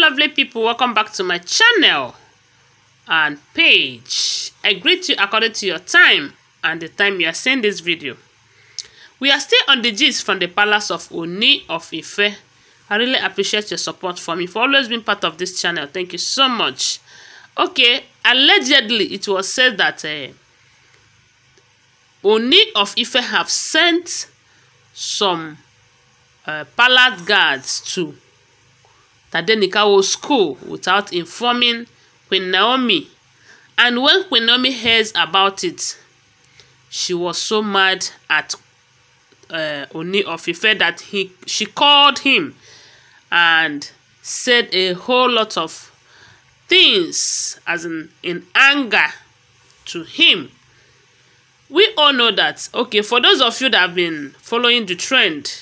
lovely people welcome back to my channel and page i greet you according to your time and the time you are seeing this video we are still on the gist from the palace of oni of ife i really appreciate your support for me for always being part of this channel thank you so much okay allegedly it was said that uh, eh, oni of ife have sent some uh, palace guards to Tadenika was school without informing Queen Naomi and when Queen Naomi hears about it, she was so mad at uh, Oni of Ife that he, she called him and said a whole lot of things as in, in anger to him. We all know that. Okay, for those of you that have been following the trend,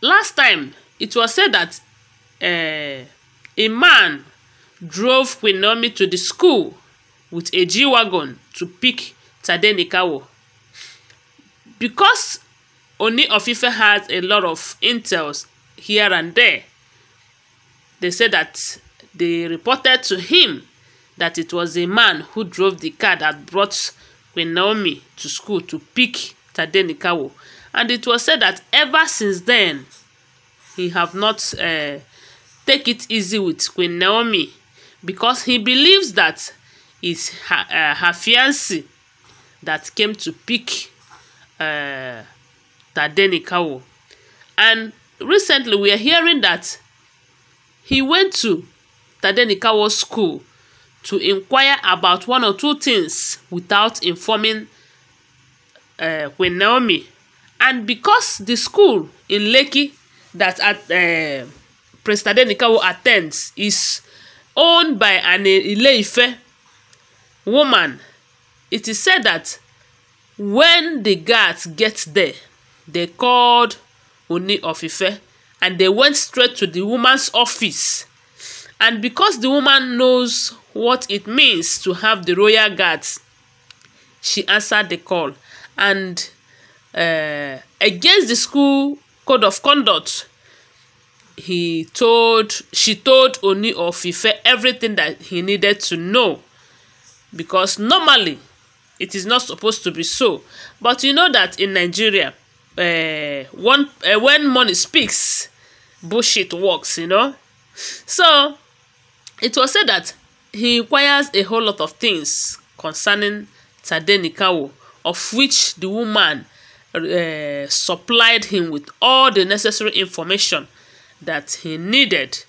last time it was said that uh, a man drove Quinomi to the school with a G-Wagon to pick Tadenikawo. Because Oni of has a lot of intel here and there, they said that they reported to him that it was a man who drove the car that brought Quinomi to school to pick Tadenikawo. And it was said that ever since then, he have not uh, take it easy with Queen Naomi because he believes that it's her, uh, her fiancé that came to pick uh, eh, Tadenikawo. And recently we are hearing that he went to Tadenikawo's school to inquire about one or two things without informing uh, Queen Naomi. And because the school in Lekki that uh, President Adenikawo attends is owned by an ile woman. It is said that when the guards get there, they called Oni of Ife and they went straight to the woman's office. And because the woman knows what it means to have the royal guards, she answered the call. And uh, against the school code of conduct, he told she told Oni of Ife everything that he needed to know because normally it is not supposed to be so but you know that in Nigeria uh, one uh, when money speaks bullshit works you know so it was said that he requires a whole lot of things concerning Tade Tadenikawo of which the woman uh, supplied him with all the necessary information that he needed.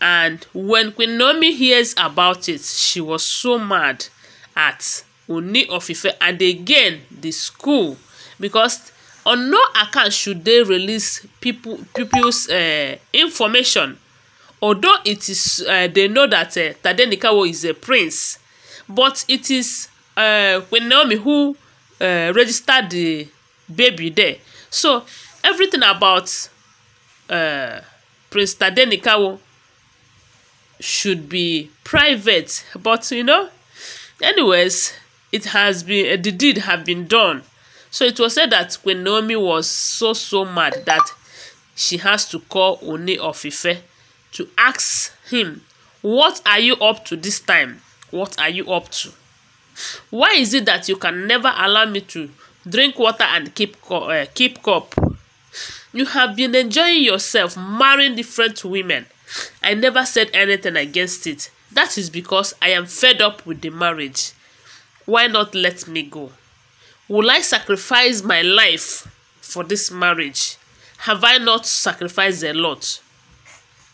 And when Queen Naomi hears about it, she was so mad at Uni of and again the school because on no account should they release people people's uh, information although it is uh, they know that uh, Tadenikawo is a prince but it is uh, Queen Naomi who uh, registered the baby there so everything about uh, Prince Tadenikawo should be private. But you know, anyways, it has been uh, the deed have been done. So it was said that when Naomi was so so mad that she has to call Ooni of to ask him, "What are you up to this time? What are you up to? Why is it that you can never allow me to drink water and keep uh, keep cup?" You have been enjoying yourself marrying different women. I never said anything against it. That is because I am fed up with the marriage. Why not let me go? Will I sacrifice my life for this marriage? Have I not sacrificed a lot?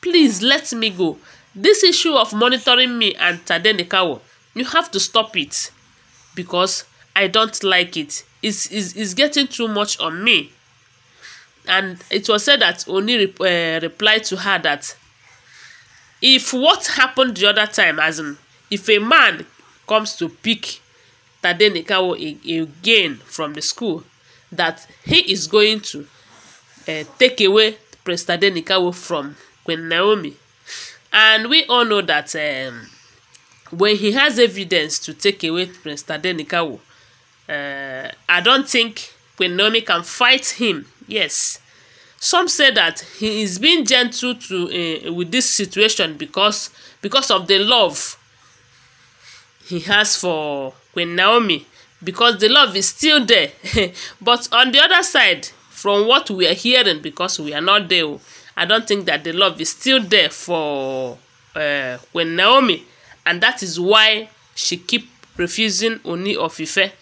Please let me go. This issue of monitoring me and Tadenikawa, you have to stop it because I don't like it. It's, it's, it's getting too much on me and it was said that Oni re uh, eh, replied to her that if what happened the other time, as in if a man comes to pick Tade Nikawo again from the school, that he is going to uh, take away Prince Tade Nikawo from Queen Naomi. And we all know that um, when he has evidence to take away Prince Tade Nikawo, uh, eh, I don't think Queen Naomi can fight him Yes, some say that he is being gentle to uh, with this situation because because of the love he has for Queen Naomi because the love is still there. But on the other side, from what we are hearing, because we are not there, oh, I don't think that the love is still there for uh, Queen Naomi, and that is why she keep refusing Oni of Ife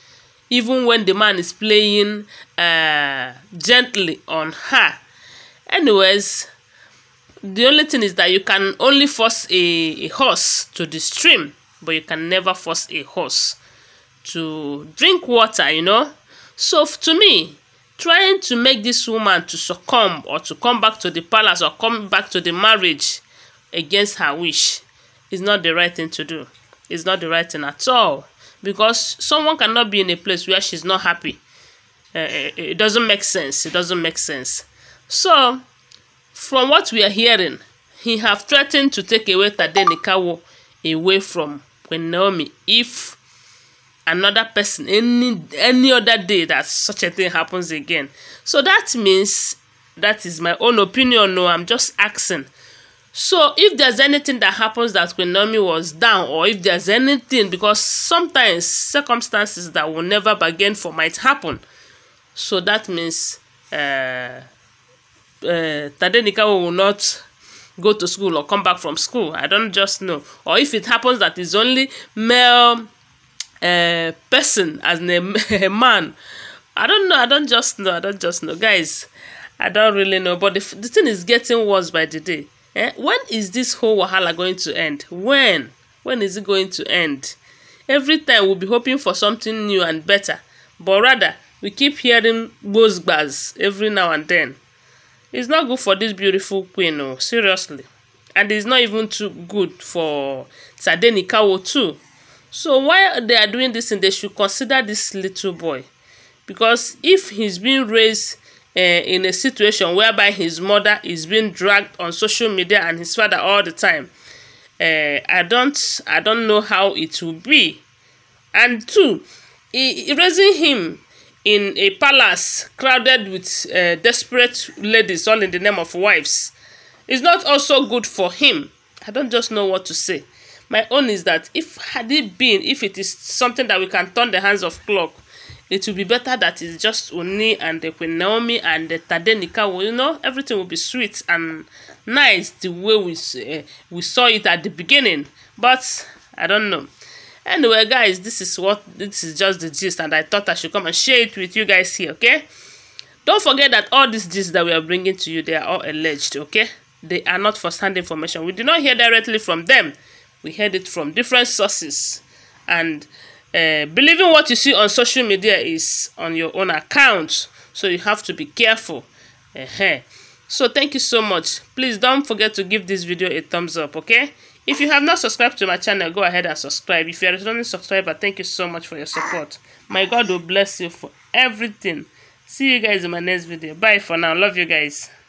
even when the man is playing uh, gently on her. Anyways, the only thing is that you can only force a, a horse to the stream, but you can never force a horse to drink water, you know. So to me, trying to make this woman to succumb or to come back to the palace or come back to the marriage against her wish is not the right thing to do. It's not the right thing at all because someone cannot be in a place where she's not happy. Uh, it doesn't make sense. It doesn't make sense. So, from what we are hearing, he have threatened to take away Tadenikawo away from when Naomi if another person any any other day that such a thing happens again. So that means that is my own opinion. No, I'm just asking. So if there's anything that happens that Queen Naomi was down, or if there's anything, because sometimes circumstances that will never bargain for might happen. So that means uh, uh, Tadenikawa will not go to school or come back from school. I don't just know. Or if it happens that it's only male uh, person as a, man, I don't know. I don't just know. I don't just know, guys. I don't really know. But the, the thing is getting worse by the day. Eh? When is this whole wahala going to end? When? When is it going to end? Every time we'll be hoping for something new and better, but rather we keep hearing buzzbuzz every now and then. It's not good for this beautiful queen, oh, seriously. And it's not even too good for Sadeni Kawo too. So while they are doing this thing, they should consider this little boy. Because if he's being raised uh, in a situation whereby his mother is being dragged on social media and his father all the time. Uh, I don't I don't know how it will be. And two, raising him in a palace crowded with uh, desperate ladies all in the name of wives is not also good for him. I don't just know what to say. My own is that if had it been, if it is something that we can turn the hands of clock, it will be better that it's just Oni and the Queen Naomi and the Tadenika. Well, you know, everything will be sweet and nice the way we uh, we saw it at the beginning. But I don't know. Anyway, guys, this is what this is just the gist, and I thought I should come and share it with you guys here. Okay, don't forget that all these gist that we are bringing to you, they are all alleged. Okay, they are not for stand information. We did not hear directly from them. We heard it from different sources, and Eh, believing what you see on social media is on your own account, so you have to be careful. Uh -huh. So thank you so much. Please don't forget to give this video a thumbs up, okay? If you have not subscribed to my channel, go ahead and subscribe. If you are a returning subscriber, thank you so much for your support. My God will bless you for everything. See you guys in my next video. Bye for now. Love you guys.